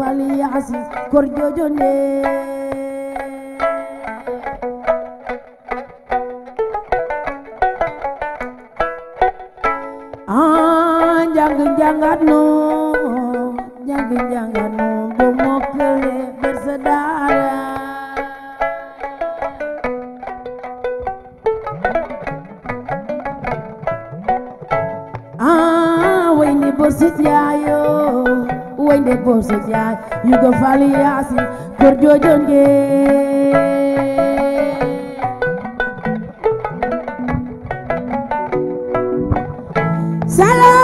fali asi kor jojonde ah jang jangat no jang jangat no bomokele bersaudara ah wayne ya yo way de bo sa jaay yu go fali yaasi kor jojon salam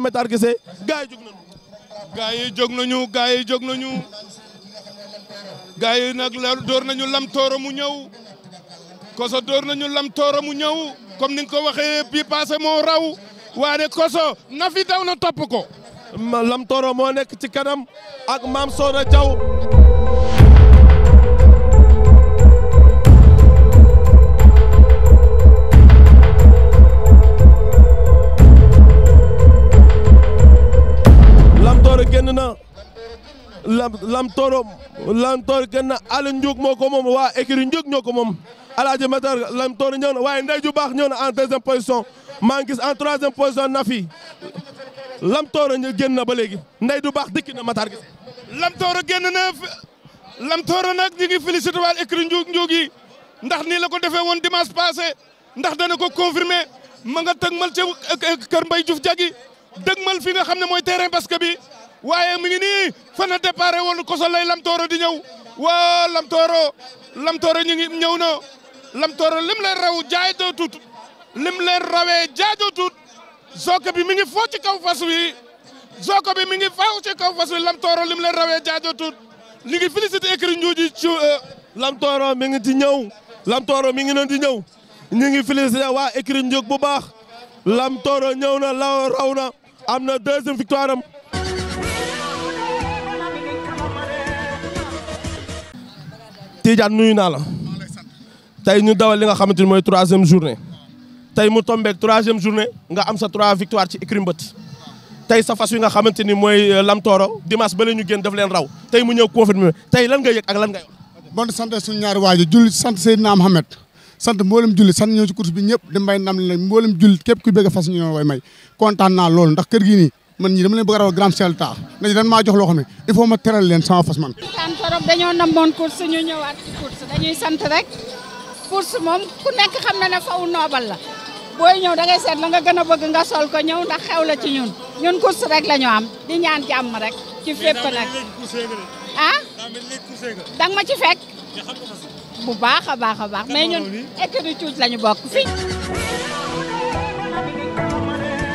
Alaaji Matar Gise gaa yi jóg nañu gaa yi jóg nañu gaa yi jóg nañu gaa yi nag door nañu lam tooro mu ñëw koso door nañu lam tooro mu ñëw comme ni nga ko waxee bi passé moo raw waane koso na fi daw na topp ko lam moo nekk ci kanam ak maam Soda Jaw lam lam tooro lam toor gën na Aliou Ndiouk moo ko moom waa écurie Ndiouk ñoo ko moom alaaji Matar lam toor na waaye ndey ju baax ñëw na en deuxième position maa ngi gis en troisième position Nafi lam tooro na ba léegi ndey du baax dikki Matar gis lam tooro génn na lam tooro nag ñu yi ndax nii la ko defee woon dimanche passé ndax dana ko confirmé ma nga tëgmal ci kër Mbaye Diouf jagi dëgmal fi nga xam ne mooy terrain basket bi waaye mi ngi nii fana départ woon koso lay lamtooro di ñëw waa lamtooro lamtooro ñu ngi ñëw na lamtooro lim leen raw jaay doo tut lim leen rawee jaay doo tut zooka bi mi ngi foo ci kaw fas wi zooka bi mi ngi faaw ci kaw fas wi lamtooro lim leen rawee jaay doo tut li ngi félicité écrit njuuji ci euh, lamtooro mi ngi ci ñëw lamtooro mi ngi noon di ñëw ñu ngi félicité waa écrit njuug bu baax lamtooro ñëw na la raw na am na deuxième victoire Tidiane nuyu naa la tey ñu dawal li nga xamante ni mooy troisième journée tey mu tombeek troisième journée nga am sa trois victoire ci écurie Mbët tey sa fas yi nga xamante ni mooy euh, Lamtooro dimanche ba la ñu génn daf leen raw tey mu ñëw confirmé tey lan nga yëg ak lan ngay wax. bon sant suñu ñaari waajur julli sant Seydina Mohamed sant mboolem julli sant ñëw ci course bi ñëpp di mbay ndam li nag mboolem julli képp ku bëgg fas ñu way may kontaan naa loolu ndax kër gi man ñi dama leen bëgg a rawal grand chel ta nga ñi maa jox loo xam ne il faut teral leen sama fas man tan dañoo namoon course ñu ñëwaat ci course dañuy sant rek course moom ku nekk xam na ne faw noobal la booy ñëw da ngay seet la nga gën a bëgg nga sol ko ñëw ndax xew la ci ñun ñun course rek la ñu am di ñaan jàmm rek ci fépp nag ah danga ma ci fekk bu baax a baax a baax mais cuuj la bokk fii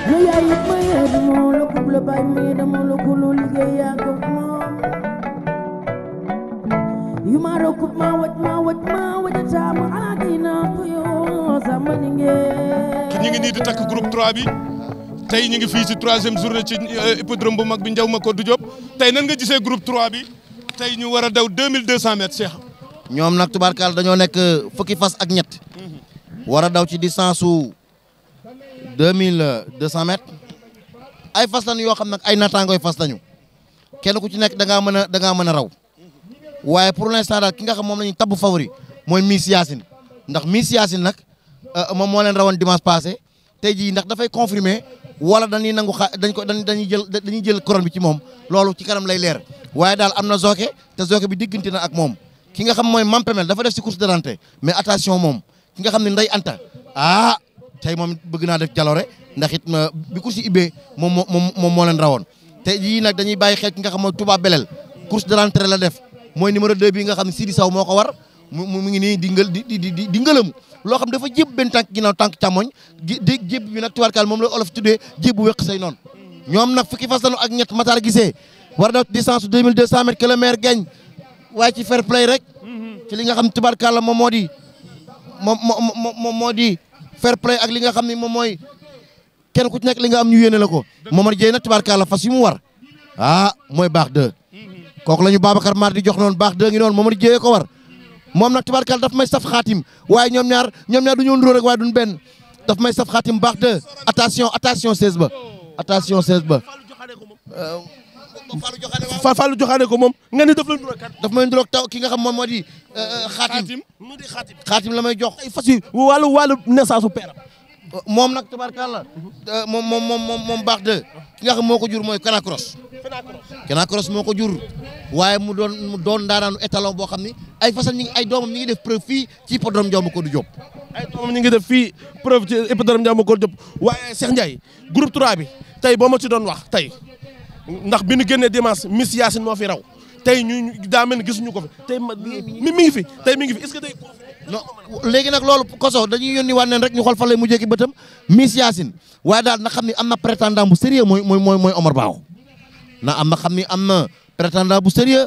lu yaay yëpp ma yeedu moo la kub la baay ma yeeda moo la gulu liggéey yaa ko moom yu maa raw kub maa waj ngi nii di takk groupe 3 bi tey ñu ngi fii ci troisième journée ci hippodrome bu mag bi Ndiaw Macodou Diop tey nan nga gisee groupe 3 bi tey ñu war daw 2200 mètres Cheikh ñoom nag tubaarkaal dañoo nekk fukki fas ak ñett war a daw ci distance deux mille deux cent mètres ay fas lañu yoo xam nag ay nattaangooy fas lañu kenn ku ci nekk danga ngaa mën a da ngaa mën a raw waaye pour l'instant daal ki nga xam moom la ñuy tabb favori mooy Miss Yacine ndax Miss Yacine nag euh, moom moo leen rawoon dimanche passé tey jii ndax dafay confirmer wala dañuy nangu xa dañ ko dañuy jël dañuy jël couronne bi ci moom loolu ci kanam lay leer waaye daal am na zooke te zooke bi diggante na ak moom ki nga xam mooy Mampemel dafa def si course de rente mais attention moom ki nga xam ne Ndeye Anta ah tey moom it bëgg naa def jaloore ndax it bi course yi ubbee moom moo moom moo leen rawoon te yii nag dañuy bàyyi xel ki nga xam mooy Touba Belel course de rentrée la def mooy numéro 2 bi nga xam ne Sidi Saw moo ko war mu mu ngi nii di ngël di di di di ngëlamu loo xam dafa jéb benn tànk ginnaaw tànk càmmoñ di jéb bi nag tubaarkaal moom la olof tuddee jéb bu wéq say noonu ñoom nag fukki fas lanu ak ñett Matar Gisee war na distance 2200 mètres que le maire gagne waaye ci fair play rek mm-hmm. ci li nga xam tubaarkaal la moom moo di moom moo moo moo di fair play ak li nga xam ne moom mooy kenn ku ci nekk li nga am ñu yéene la ko Momar Dieye nag tubaarkàlla fas yi mu war ah mooy baax dë kooku la ñu Babacar Mar di jox noonu baax dë ngi moom Momar Dieye ko war moom nag tubaarkàlla daf may saf xaatim waaye ñoom ñaar ñoom ñaar du ñoo nduróo rek waaye duñ benn daf may saf xaatim baax dë attention attention 16 ba attention 16 ba euh, Fallou joxaane ko moom nga ni daf la nduroog daf may nduroog taw ki nga xam moom moo di xaatim euh, euh, mu di xaatim xaatim la may jox ay fas yi wàllu wàllu naissance su peeram moom nag tabarkàlla euh, moom moom moom moom baax de ki nga xam moo ko jur mooy Canacros Canacros moo ko jur waaye mu doon mu doon daanaanu étalon boo xam ne ay fasam ñi ay doomam ñi ngi def preuve fii ci hippodrome Ndiamb Kodou Diop ay doomam ñi ngi def fii preuve ci hippodrome Ndiamb Kodou waaye Cheikh Ndiaye groupe 3 bi tey boo ma ci doon wax tey ndax bi ñu génnee dimanche Miss Yacine moo fi raw tey ñu daa mel ni gisuñu ko fi tey mi ngi fi tey mi ngi fi est-ce que tey. non léegi nag loolu koso dañuy yónni waan neen rek ñu xool fan lay mujjee ki bëtam Miss Yacine waaye daal na xam ni am na prétendant bu sérieux mooy mooy mooy Omar Bao na am na xam ni am na prétendant bu sérieux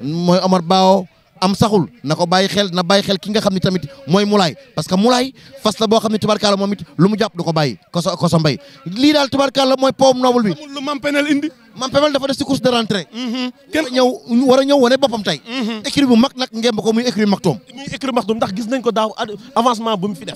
mooy Omar Bao am saxul na ko bàyyi xel na bàyyi xel ki nga xam ni tamit mooy mulaay parce que mulaay fas la boo xam ne tubarkalla moom it lu mu jàpp du ko bàyyi koso koso mbay lii daal mooy powum noble bi lu Mame Pemel dafa des ci course de rentrée. Mhm. kenn ñëw war a ñëw wane boppam tey. Mhm. écurie bu mag nag ngemb ko muy écurie Maktoum. muy ndax gis nañ ko daaw avancement bu mu fi def.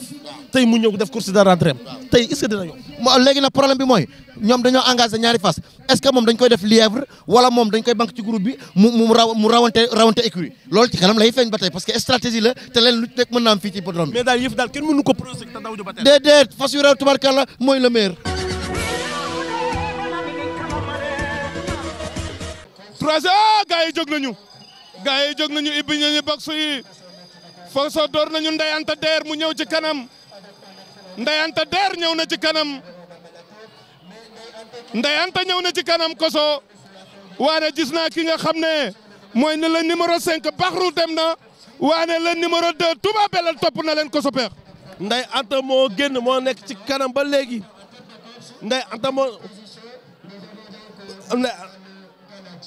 tey mu ñëw def course de rentrée tey est-ce que dina yomb. léegi nag problème bi mooy ñoom dañoo engagé ñaari face est moom dañ koy def lièvre wala moom dañ koy banque ci groupe bi mu rawante rawante écurie loolu ci kanam lay feeñ ba tey parce que stratégie la te leen lu nekk mën naa am ci hippodrome bi. mais daal 3 ah gars yi jóg nañu gars yi jóg nañu ibbi nañu box yi Forza door nañu ndayanta deer mu ñëw ci kanam ndayanta deer ñëw na ci kanam ndayanta ñëw na ci kanam koso waane gis naa ki nga xam ne mooy na la numéro 5 baxru dem na waane la numéro 2 Touba Belel topp na leen koso peex nday anta moo génn moo nekk ci kanam ba léegi nday anta moo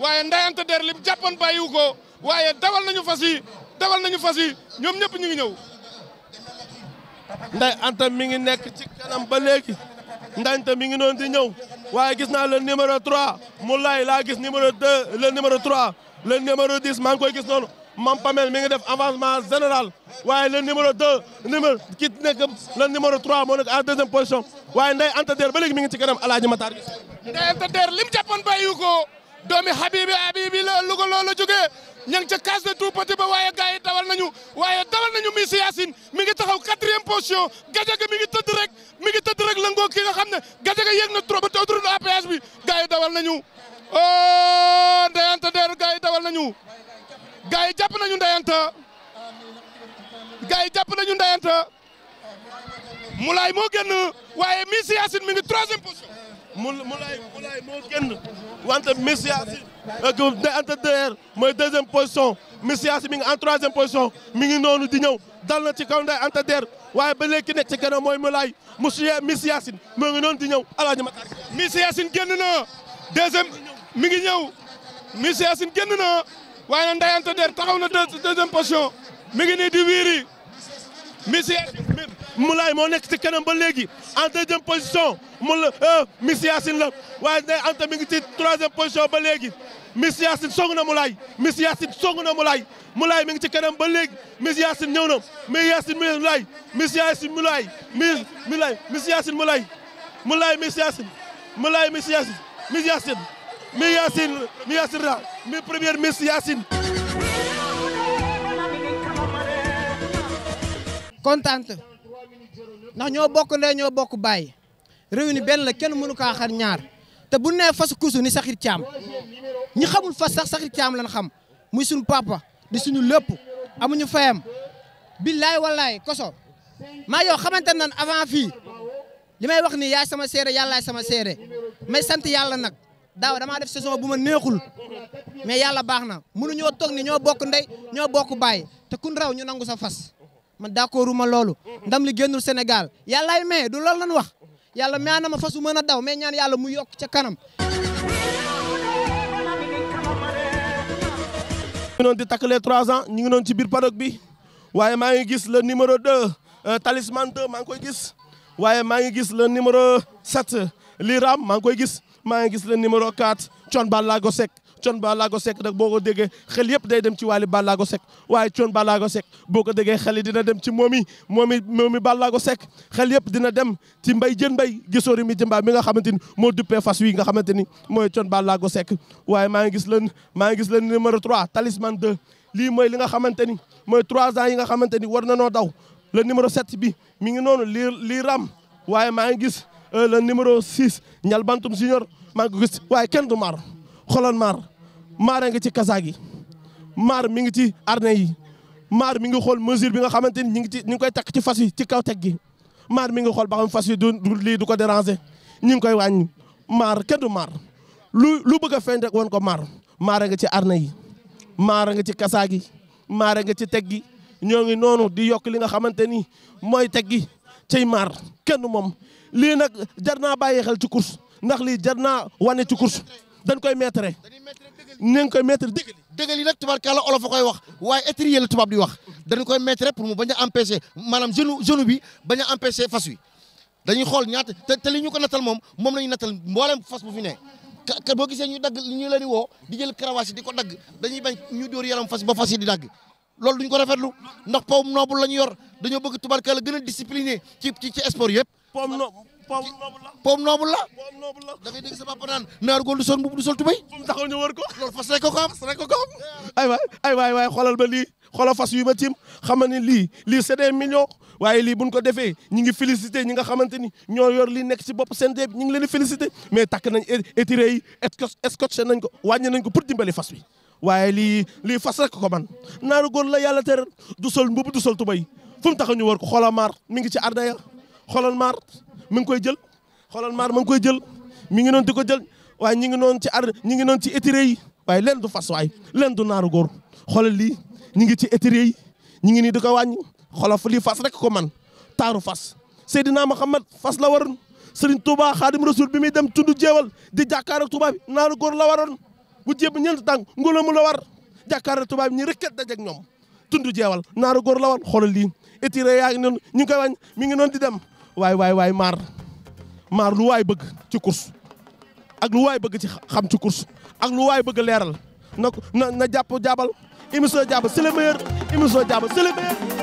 waye ndayante der lim jàppoon bàyyiwu ko waaye dawal nañu fasi dawal nañu fasi ñom ñep ñëpp ñu ngi ñew nday antam mi ngi nek ci kanam ba legi ndayante mi ngi non di ñew waye gis na le numéro 3 mu lay laa gis numéro 2 le numéro 3 le numéro 10 maa ngi koy gis non mam Pamel mi ngi def avancement général waye le numéro 2 numéro ki nek le numéro 3 mo nek en deuxième position waye nday Anta Der ba legi mi ngi ci kanam aladji Matar. nday Anta Der lim jàppoon bàyyiwu ko. doomi Habibi Habibi la Louga loola jógee ña ngi ca case de tout petit ba waaye gars yi dawal nañu waaye dawal nañu Miss Yacine mi ngi taxaw quatrième position Gadiaga mi ngi tëdd rek mi ngi tëdd rek la ngoo ki nga xam ne Gadiaga yéeg na trop ba te bi gars yi dawal nañu oh deeru gars yi dawal nañu gars yi jàpp nañu ndeyante gars yi jàpp nañu ndeyante Moulay moo génn waaye Miss Yacine mi ngi troisième position mu mu lay mu lay moo génn wante Messias euh, entre DR mooy deuxième position Messias mi ngi en troisième position mi ngi noonu di ñëw dal ci kaw nday entre DR waaye ba léegi nekk ci kanam mooy mu lay monsieur Messias moo ngi noonu di ñëw alaaji Matar Messias génn na deuxième mi ngi ñëw Messias génn na waaye nag nday entre DR taxaw na deuxième position mi ngi nii di wiiri Messias Moulay moo nekk ci kanam ba léegi en deuxième position mu la euh, Miss Yacine la waaye day Anta mi ngi ci troisième position ba léegi Miss Yacine song na Moulay Miss Yacine song na Moulay Moulay mi ngi ci kanam ba léegi Miss Yacine ñëw na Miss Yacine Moulay Miss Yacine Moulay Miss Moulay Miss Yacine Moulay Moulay Miss Yacine Moulay Miss Yacine Miss Yacine Miss ra mi première Miss Yacine contente ndax ñoo bokk ndey ñoo bokk bàyyi réew ni benn la kenn mënu kaa xar ñaar te bu nee fas kusu ni saxir caam ñi xamul fas sax saxir caam lan xam muy suñu papa di suñu lépp amuñu fayam billaay wallaay koso maa yoo xamante nan avant fii di may wax ni yaay sama seere yàllaay sama seere may sant yàlla nag daaw damaa def saison bu ma neexul mais yàlla baax na mënuñoo toog ni ñoo bokk ndey ñoo bokk baay te kun raw ñu nangu sa fas man d'accorduma loolu ndam li génnul Sénégal yàllaay may du loolu lan wax yàlla may na ma fasu mën a daw mais ñaan yàlla mu yokk ca kanam ñu ngi doon di takkalee trois ans ñu ngi doon ci biir paddock bi waaye maa ngi gis le numéro deux euh, talisman deux maa ngi koy gis waaye maa ngi gis le numéro sept liram maa ngi koy gis maa ngi gis le numéro quatre Thione Ballago Seck Thione Ballago Seck nag boo ko déggee xel yëpp day dem ci Wally Ballago Seck waaye Thione Ballago Seck boo ko déggee xel yi dina dem ci Momi Momi Momi Ballago Seck xel yëpp dina dem ci Mbaye Diène Mbaye gisóori mi jëmbaa mi nga xamante ni moo duppee fas wi nga xamante ni mooy Thione Ballago sekk waaye maa ngi gis leen maa ngi gis leen numéro 3 talisman 2 lii mooy li nga xamante ni mooy 3 ans yi nga xamante ni war na noo daw le numéro 7 bi mi ngi noonu lii lii ram waaye maa ngi gis euh, le numéro 6 ñal bantum senior maa ngi ko gis waaye kenn du maar xoolal maar maara nga ci kasaag yi maar mi ngi ci arne yi maar mi ngi xool mesure bi nga xamante ni ñu ngi ci ñu ngi koy takk ci fas yi ci kaw teg gi maar mi ngi xool ba xam fas yi du lii du ko déranger ñu ngi koy wàññi maar kenn du maar lu lu bëgg a feeñ rek woon ko maar maara nga ci arne yi maara nga ci kasaag yi maara nga ci teg gi ñoo ngi noonu di yokk li nga xamante ni mooy teg gi cay maar kenn moom lii nag jar naa bàyyi xel ci course ndax lii jar naa wane ci course dañ koy metre neng koy mettre deugali nak nag tubaarkàlla olof koy wax way étrier le tubab di wax dañ koy mettre pour mu baña empêcher manam genou genou bi baña empêcher fas wi dañuy xol ñaat te te li ko natal mom mom lañu natal mbolam fas bu fi ne ka bo gisé ñu dag ñu la di wo di jël karawaas yi di ko dagg dañuy bañ ñu door yaram fas ba fas di dag lolou duñ ko rafetlu ndax pom noble lañu yor dañu bëgg tubaarkàlla gën a discipliné ci ci ci sport yëpp poom noobu la da ngay dégg sa papa naan naar góor du sol mbubb du sol tubéy taxaw ñu wër ko loolu fas waay lii xoolal fas yu ma tiim xam lii lii c'est des waaye lii buñ ko defee ñi ngi félicité ñi nga xamante ni ñoo yor lii nekk si bopp seen déeb ñi ngi leen félicité mais takk nañ étiré yi escotché nañ ko wàññi nañ ko pour dimbali fas wi waaye lii lii fas rek ko man naaru góor la yàlla teral du sol mbubb du sol tubéy fu mu taxaw ñu wër ko xoolal maar mi ngi ci ardaya mi ngi koy jël xoolal maar ma ngi koy jël mi ngi noonu di ko jël waaye ñi ngi noonu ci ar ñi ngi noonu ci étiré yi waaye leen du fas waay leen naaru góor xoolal lii ñi ngi ci étiré yi ñi ngi nii di ko wàññi fu lii fas rek ko man taaru fas Seydina Muhammad fas la waroon Serigne Touba Xaadim Rasul bi muy dem tundu jéewal di jàkkaarloog Touba bi naaru góor la waroon bu jéem ñeent tànk ngóolamu la war jàkkaarloog Touba bi ñu rëkkat dajeeg ñoom tundu jeewal naaru góor la war xoolal lii étiré yaa ngi noonu ñu ngi koy mi ngi noonu di dem waay waay waay maar maar lu waay bëgg ci course ak lu waay bëgg ci xam ci course ak lu waay bëgg leeral na na na jàpp jàppal émission jàpp c'est le meilleur émission jàpp c'est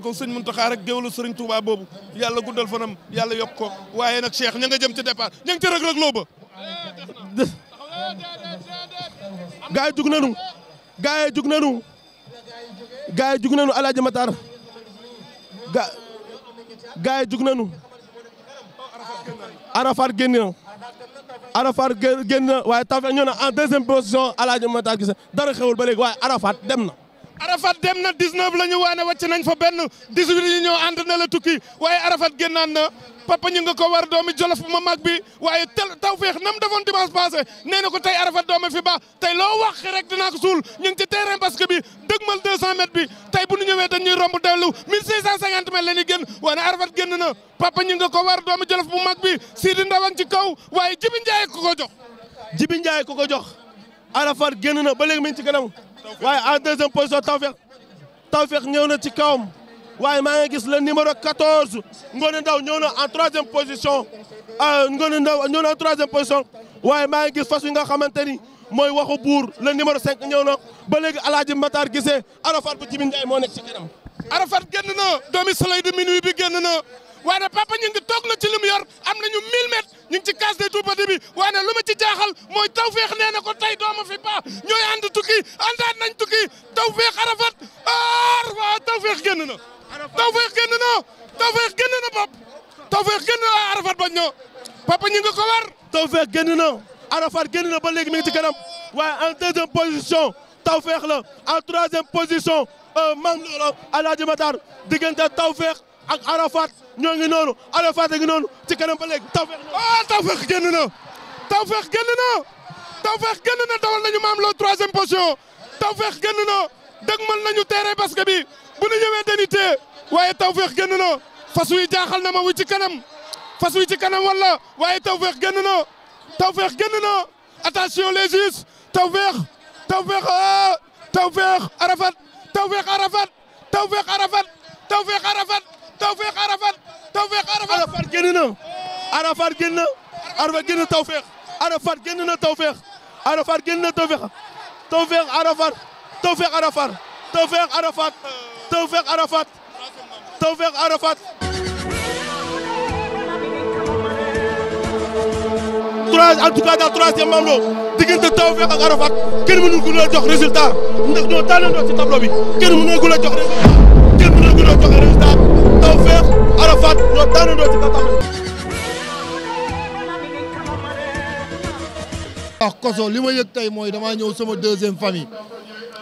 bàyyi ko sëñ Muntaxa rek géwélu sëriñ Touba boobu yàlla guddal fanam yàlla yokk ko waaye nag Cheikh ña nga jëm ci départ ña ngi ci Reug Reug loo ba. gaa yi jug nañu gaa yi jug ga gaa yi jug nañu Arafat génn na Arafat génn na waaye taw ñoo na en deuxième position Alaaji Matar gis dara xewul ba léegi waaye Arafat dem na. Arafat dem na 19 la ñu waane wàcc nañ fa benn 18 yi ñoo na la tukki waaye Arafat génnaan na papa ñu nga ko war doomi jolof ma mag bi waaye tel tawféex nam defoon dimanche passé nee na ko tey Arafat doome fi ba tey loo wax rek dinaa ko suul ñu ngi ci terrain basket bi dëgmal 200 mètres bi tey bu ñu ñëwee dañuy romb dellu 1650 mètres génn waaye Arafat génn na papa ñu nga ko war doomi jolof bu mag bi Sidi Ndawang ci kaw waaye Jibi ko na ba léegi mi ngi ci waaye en deuxième position Tawfekh Tawfekh ñëw na ci kawam waaye maa ngi gis le numéro 14 Ngoné Ndaw ñëw na en troisième position euh, Ngoné posição ñëw na en troisième position waaye maa ngi gis a yi nga xamante ni mooy waxu buur le numéro 5 ñëw na ba Matar Gisé Arafat bu Jibi Ndiaye moo nekk ci kanam Arafat génn na doomi de minuit bi waaye Papa Gningue toog na ci li mu yor am nañu 1000 mètres ñu ngi ci case des tout-petits bi waaye lu ma ci jaaxal mooy tawféex nee na ko tey dooma fi ba ñooy ànd tukki àndaat nañ tukki tawféex Arafat aar waaw tawféex génn na. tawféex génn na tawféex génn na bopp tawféex génn na Arafat bañ ñoo Papa Gningue ko war. tawféex génn na Arafat génn na ba léegi mi ngi ci kanam waaye en deuxième position tawféex la en troisième position euh, membre Alaaji Matar diggante ver. ak Arafat ñoo ngi noonu Arafat a ngi noonu ci kanam ba léegi Tawfekh. ah Tawfekh génn na Tawfekh génn na Tawfekh génn na dawal nañu maam loo troisième position Tawfekh génn na dëgmal nañu terrain basket bi bu ñu ñëwee dañuy téye waaye Tawfekh génn na fas wi jaaxal na ma wu ci kanam fas wi ci kanam wala waaye Tawfekh génn na Tawfekh génn na attention les juges Tawfekh Tawfekh ah Tawfekh Arafat Tawfekh Arafat Tawfekh Arafat Tawfekh Arafat. tawfeex Arafat tawfeex Arafat. Arafat génn na Arafat génn na Arafat génn na tawfeex Arafat génn na tawfeex Arafat génn na tawfeex tawfeex Arafat tawfeex Arafat tawfeex Arafat tawfeex Arafat tawfeex Arafat. trois en tout cas daal troisième membre diggante tawfeex ak Arafat kenn mënu ko la jox résultat ndax ñoo tànnandoo ci tableau bi kenn mënu ko la jox résultat kenn mënu ko la jox. Arafat ñoo daanandoo ci kaw wax koso li ma yëg tey mooy damaa ñëw sama deuxième famille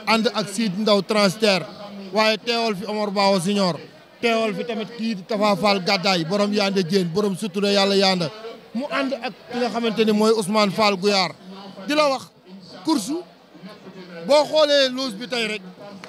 ànd ak Sidy Ndao transitaire waaye teewal fi Omar Bawo Signor teewal fi tamit kii di Tafa Fall gàddaay borom yaande jéen borom sutura yàlla yaanda mu ànd ak ki nga xamante ni mooy Ousmane Fall Gouyaar di la wax kursu boo xoolee loose bi tey rek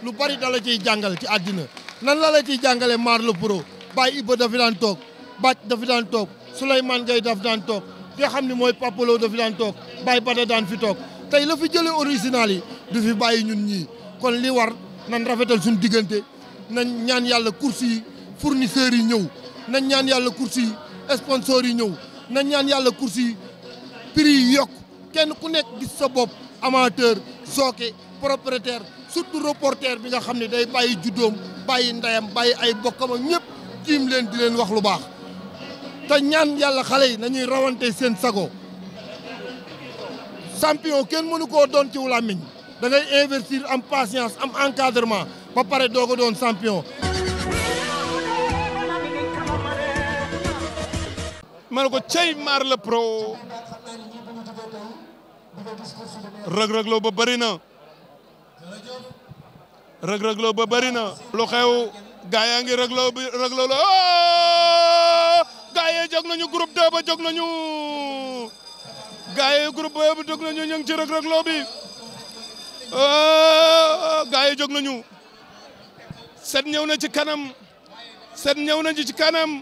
lu bari dala ciy jàngal ci àddina nan la la ciy jàngale maar le pro Baye Ibba dafi daan toog Bac dafi daan toog Souleymane gay daf daan toog ki nga xam ne mooy Papalo dafi daan toog Baye Bada daan fi toog tey la fi jëlee original yi du fi bàyyi ñun ñii kon li war nan rafetal suñu diggante nañ ñaan yàlla course yi fournisseurs yi ñëw nañ ñaan yàlla course yi sponsors yi ñëw nañ ñaan yàlla course yi prix yi yokk kenn ku nekk gis sa bopp amateur sooke propriétaire surtout reporter bi nga xam ne day bàyyi juddoom bàyyi ndeyam bàyyi ay bokkam ñëpp tiim leen di leen wax lu baax te ñaan yàlla xale yi nañuy rawante seen sago champion kenn mënu ko doon ci làmmiñ da dangay investir am patience am encadrement ba pare doo ko doon champion. ma ko cey maar la pro rëg-rëg loo ba bëri na loo xew gaa yaa ngi régloo bi régloo la gaa yi jóg nañu groupe 2 ba jóg nañu gaa yi groupe ba jóg nañu ñu ngi ci rëg régloo bi gaa yi jóg nañu set ñëw na ci kanam set ñëw nañu ci kanam.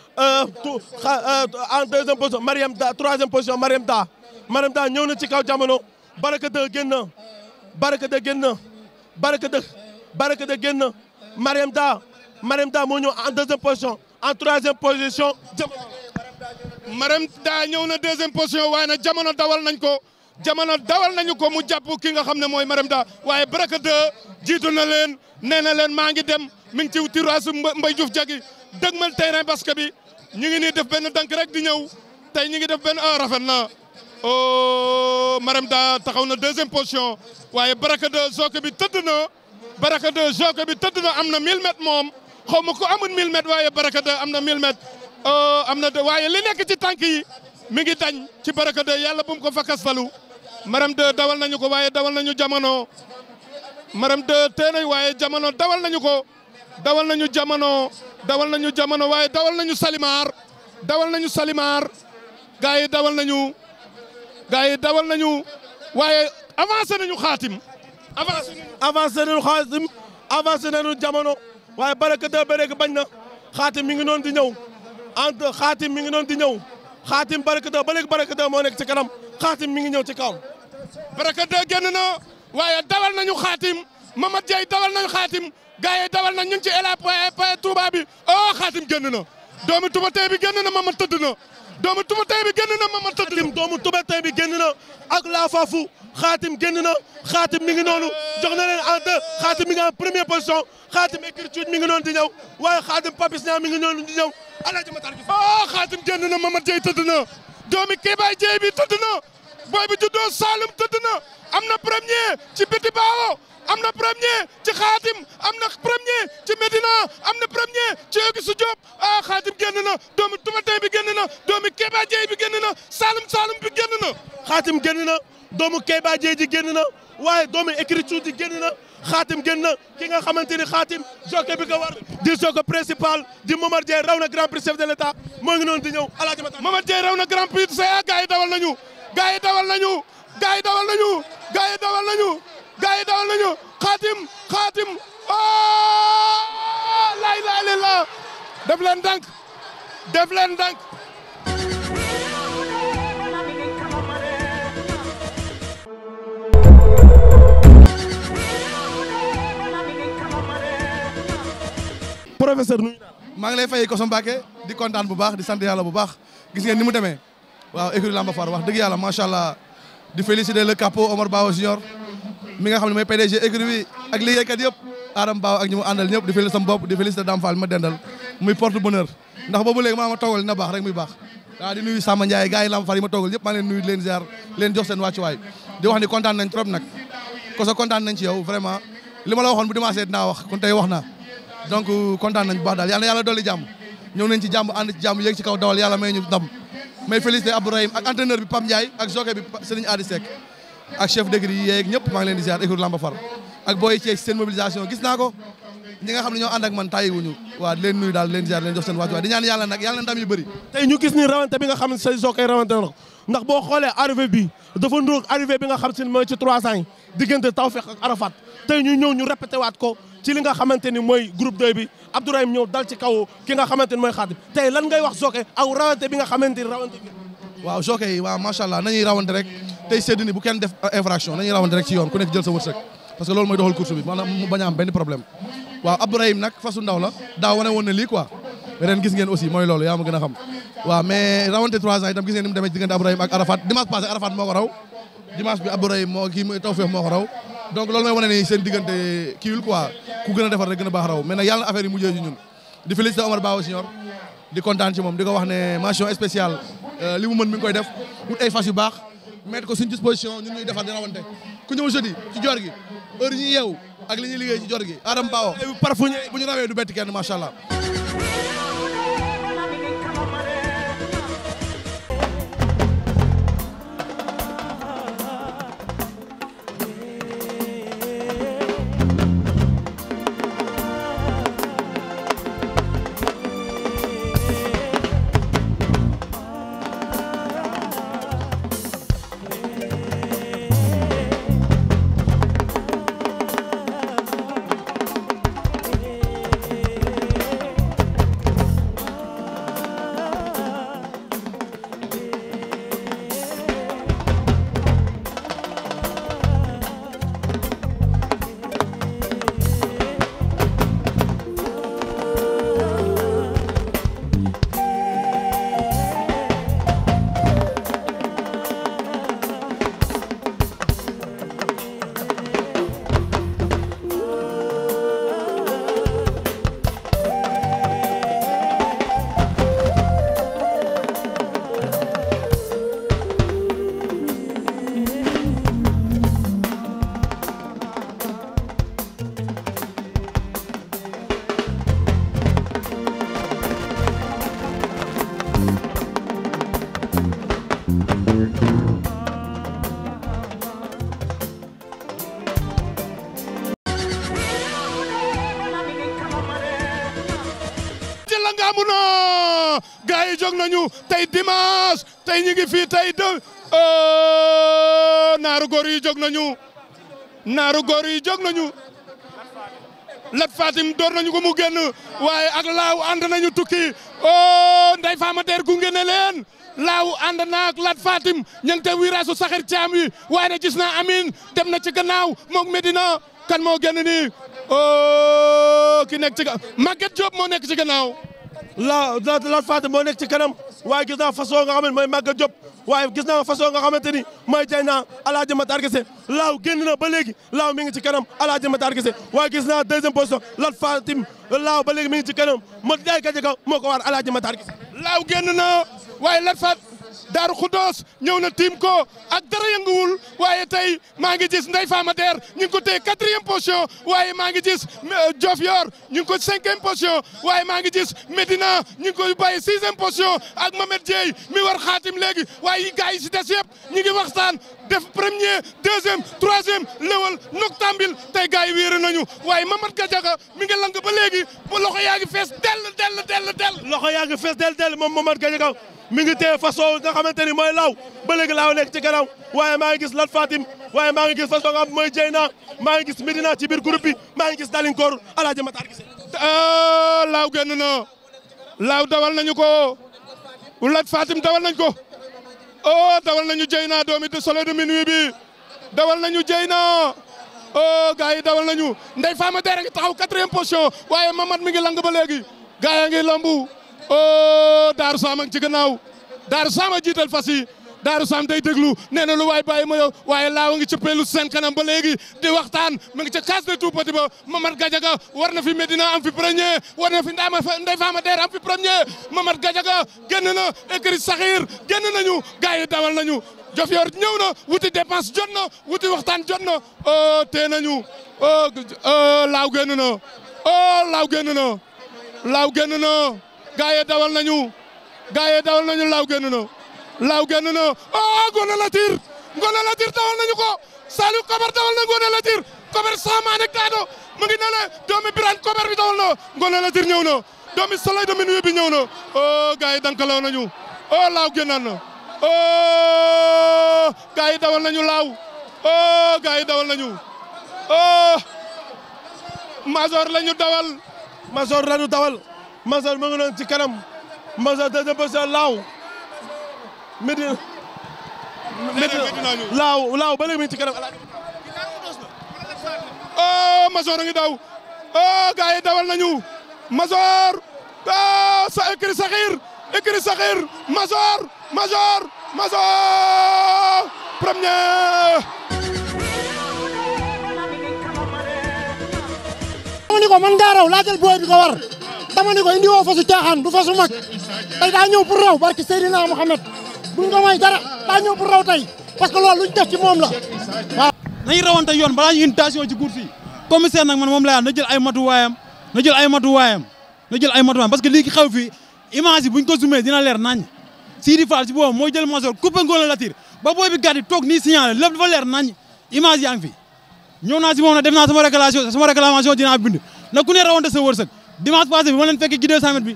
Euh, euh, en deuxième position Mariam Da troisième position Mariam Da Mariam Da ñëw na ci kaw jamono baraka de génn na baraka de génn na baraka de baraka de génn na Mariam Da Mariam Da moo ñëw en deuxième position en troisième position jamono Mariam Da ñëw na deuxième position waaye na jamono dawal nañ ko jamono dawal nañu ko mu jàpp ki nga xam ne mooy Mariam Da waaye baraka de jiitu na leen nee leen maa ngi dem mi ngi ci mbay Mbaye Diouf Diagui dëgmal terrain basket bi ñu ngi nii def benn dank rek di ñëw tey ñu ngi def benn a rafet na o oh, Marème da taxaw na deuxième position waaye baraka de joke bi tëdd na baraka de joke bi tëdd na am na 1000 mètres moom xaw ma ko amul 1000 waaye baraka de am na 1000 mètres oh, am na de waaye li nekk ci tànk yi mi ngi dañ ci baraka de yàlla bu mu ko fakkastalu Marème de dawal nañu ko waaye dawal nañu jamono Marème de tee waaye jamono dawal nañu ko dawal nañu jamono dawal nañu jamono waaye dawal nañu Salimar dawal nañu Salimar gars yi dawal nañu gars yi dawal nañu waaye avancé nañu xaatim. avancé nañu avancé nañu xaatim avancé nañu jamono waaye barakatal ba rek bañ na xaatim mi ngi noonu di ñëw entre xaatim mi ngi noonu di ñëw xaatim barakatal ba léegi barakatal moo nekk ci kanam xaatim mi ngi ñëw ci kawam. barakatal génn na waaye dawal nañu xaatim. Mamad Dieye dawal na xaatim gars yi dawal nañ ñu ngi ci El Hadj Touba bi oh xaatim génn na doomu tuba tey bi génn na Mamad tëdd na doomu tuba tey bi génn na Mamad tëdd na doomu tuba tey bi génn na ak la faafu xaatim génn na xaatim mi ngi noonu jox na leen en deux xaatim mi ngi en première position xaatim écriture mi ngi noonu di ñëw waaye xaatim papis ñaa mi ngi noonu di ñëw alaaji matar gi oh xaatim génn na Mamad Dieye tëdd na doomi Kébaay Dieye bi tëdd na booy bi juddoo Saalum tëdd na am na premier ci biti am na premier ci xaatim am na premier ci Medina am na premier ci Euguissou Diop ah xaatim génn na doomi Toubatin bi génn na doomi Kéba Dieye bi génn na Saalum Saalum bi génn na xaatim génn na doomu Kéba Dieye ji génn na waaye doomu écriture di génn na xaatim génn na ki nga xamante ni xaatim jockey bi ko war di jockey principal di Momar Dieye raw na grand prix chef de l' état moo ngi noonu di ñëw alaaji Mata Momar Dieye raw na grand prix sa gars yi dawal nañu gars yi dawal nañu gars yi dawal nañu gars yi dawal nañu gaay daw lañu Khatim, khatim oh ah! la ilaha illallah def len dank def len dank professeur nuyu ngi lay fay ko Mbacke di contane bu baax di sante yalla bu baax gis ngeen ni mu demee waaw écurie Lamba Fall wax dëgg yàlla macha allah di féliciter le capot Omar Bawo Junior mi nga xam ne mooy PDG écurie bi ak liggéeykat yëpp Adam Baaw ak ñi mu àndal ñëpp di félicité sama bopp di félicité Dame Fall ma dendal muy porte bonheur ndax boobu léegi maa ma toogal na baax rek muy baax waaw di nuyu Samba Ndiaye gars yi Lamp yi ma toogal yëpp maa leen nuyu leen ziar leen jox seen wàccuwaay di wax ni kontaan nañ trop nag ko kontaan nañ ci yow vraiment li ma la waxoon bu dimanche dinaa wax kon tey wax kontaan nañ baax daal yàlla yàlla dolli jàmm ñëw nañ ci ak chef de grille yeeg ñëpp maa ngi leen di ziar équipe lamba far ak booy Thiès seen mobilisation gis naa ko ñi nga xam ne ñoo ànd ak man tàyyi wuñu waaw leen nuyu daal leen ziar leen jox seen wàccuwaay di ñaan yàlla nag yàlla na ndam yu bëri tey ñu gis ni rawante bi nga xam ne say sookay rawante na ko ndax boo xoolee arrivé bi dafa ndóog arrivé bi nga xam si ne mooy ci trois ans yi diggante Tawfekh ak Arafat tey ñu ñëw ñu waat ko ci li nga xamante ni mooy groupe bi ñëw dal ci kaw ki nga xamante ni mooy xaatim tey lan ngay wax sooke aw rawante bi nga xamante ni rawante waaw jockey yi waaw macha allah nañuy rawante rek tey sedd bu kenn def infraction rawante rek ci yoon ku nekk jël sa wërsëg parce que loolu mooy doxal course bi maanaam mu a benn problème waaw Abdourahim nag fasu ndaw la daa wane woon ne lii quoi ren gis ngeen aussi mooy loolu yaa ma gën a xam waaw mais rawante trois ans itam gis ngeen ni mu demee diggante Abdourahim ak Arafat dimanche passé Arafat moo ko raw dimanche bi Abdourahim moo kii Tawfekh moo a di kontaan ci moom di ko wax ne mention spéciale euh, li mu mën mi ngi koy def wut ay fas yu baax mettre ko suñ disposition ñun ñuy defar di rawante ku ñëw jeudi ci joor gi heure yi ñuy ak li ñuy liggéey ci joor gi Adam Bawo parfum bu ñu rawee du bett kenn macha allah lambu no gars yi nañu tey dimanche tey ñu ngi fii tey de oh, naaru góor yi jóg nañu naaru góor yi jóg nañu Lat Fatim door nañu ko mu génn waaye ak laaw ànd nañu tukki o oh, nday faama deer gunge ne leen laaw ànd naak Lat Fatim ña ngi te wiraasu saxir caam yi waaye ne gis naa Amine dem na ci gannaaw moog dina kan moo génn nii o oh, ki nekk ci gannaaw Maguette Diop moo nekk ci gannaaw la la Lat Fatim moo nekk ci kanam waaye gis naa façon nga xam ne mooy Maguette Diop waaye gis naa façon nga xamante ni mooy jay naa Alaaji Matar Gise laaw génn na ba léegi laaw mi ngi ci kanam Alaaji Matar Gise waaye gis naa deuxième position Lat Fatim laaw ba léegi mi ngi ci kanam ma jaay ka jëka moo ko waar Alaaji Matar Gise laaw génn naa waaye Lat Fatim daaru Khoudoss ñëw na tiim ko ak dara yënguwul waaye tey maa ngi gis Ndeye Fama Der ñu ko téye quatrième position waaye maa ngi gis euh, Diof Yor ñu ngi ko cinquième position waaye maa ngi gis Medina ñu ngi ko bàyyi sixième position ak Mohamed Dieye mi war xaatim léegi waaye gars yi si des yëpp ñu ngi waxtaan def premier deuxième troisième lewal noctambile tey gars yi wéere nañu waaye Mamadou Gadiaga mi ngi lang ba léegi ba loxo yaa ngi fees dell dell dell dell loxo yaa ngi fees dell dell moom Mamadou Gadiaga mi ngi téye façon nga xamante ni mooy laaw ba léegi laaw nekk ci gannaaw waaye maa ngi gis Lat Fatim waaye maa ngi gis façon nga am mooy Dieyna maa ngi gis Medina ci biir groupe bi maa ngi gis Dalinkoor Alaaji Matar Gise ah, laaw génn na laaw dawal nañu ko Lat Fatim dawal nañ ko oh dawal nañu jëy naa doomi de soleil de minuit bi dawal nañu jëy naa oh gars yi dawal nañu ndey faama deere ngi taxaw quatrième position waaye Mamad mi ngi lang ba léegi gars yaa ngi lambu oh Daaru Saama ci gannaaw Daaru Saama jiital fas yi Daaru Sam day déglu nee na lu waay bàyyi ma yow waaye wa ngi cëppeelu seen kanam ba léegi di waxtaan mu ngi ca casse de tout petit ba Mamad Gadiaga war na fi Medina am fi premier war na fi Ndama Ndeye Fama Der am fi premier Mamad Gadiaga génn na écrit Saxir génn nañu gars yi dawal nañu Diofior ñëw na wuti dépense jot na wuti waxtaan jot na oh, tee nañu oh, oh, laaw génn na laaw génn na laaw génn na gars yi dawal nañu gars yi dawal nañu laaw génn na laaw génn na ah Ngone Latyr Ngone Latyr dawal nañu ko Saliou Kobar dawal na Ngone Latyr Kobar saamaane ak Dado mu ngi ne la doomi Birane Kobar bi dawal na Ngone Latyr ñëw na doomi Soleil doomi nuyu bi na oh gars yi dankaloo nañu oh laaw génnaan na oh gars yi dawal nañu laaw oh gars dawal nañu oh Major lañu dawal Major lañu dawal Major mu ngi noonu ci kanam Major deuxième position laaw. Médina Médina laaw laaw ba léegi mi ngi ci kanam El oh, ngi daw oh gars yi dawal nañu Masor oh sa écrit saxir écrit saxir Masor Masor Masor premier. dama man ngaa raw laajal booy bi ko war dama ni ko indi fasu caaxaan du fasu mag tey daa ñëw pour raw barki Seydina Mouhamed. duñ ko may dara daa ñëw pour raw tey parce que loolu luñ def ci moom la waaw. nañu rawante na jël ay matuwaayam na jël ay matuwaayam na jël ay matuwaayam parce que lii ki xew fii image yi buñ ko zoomé dina leer nañ Sidi Fall si boobu mooy jël masoor coupé ngoon la latir ba bi gàddi toog nii signalé lépp dafa leer nañ image yaa ngi fi ñëw naa si moom nag def sama réclamation sama réclamation dinaa na ku ne rawante sa wërsëg dimanche passé bi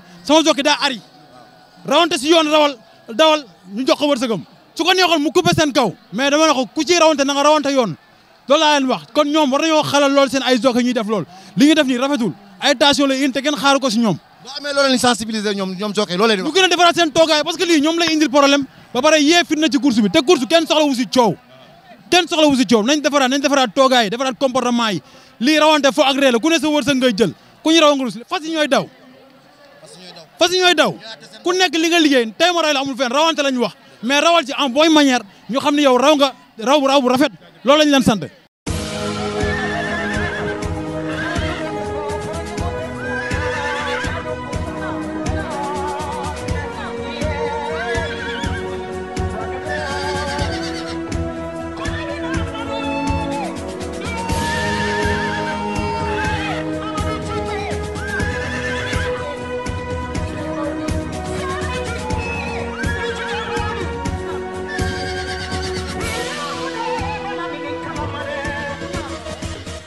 ma leen dawal ñu jox ko wërsegum su ko neexul mu coupé sen kaw mais dama nako ku ci rawante na nga rawante yoon do la len wax kon ñom war nañu xalal lool sen ay jox ñuy def lool li ñu def ni rafetul ay tension lay inte ken xaar ko ci ñom boo amé lool leen sensibiliser ñom ñom joxe lool leen wax ñu gëna a sen togaay parce que li ñom lay indil problème ba yé yee na ci course bi te course ken soxla wu ci ciow ken soxla wu ci ciow nañ defaraat nañ defaraat togaay defaraat comportement yi li rawante fo ak réel ku ne sa wërse ngay jël ku ñu raw nga rus fas yi ñooy daw fas ñooy daw ku nekk li nga liggéey tey ma ray la amul fenn rawante lañ wax mais rawal ci en bonne manière ñu xam ne yow raw nga raw raw bu rafet loolu lañu leen sante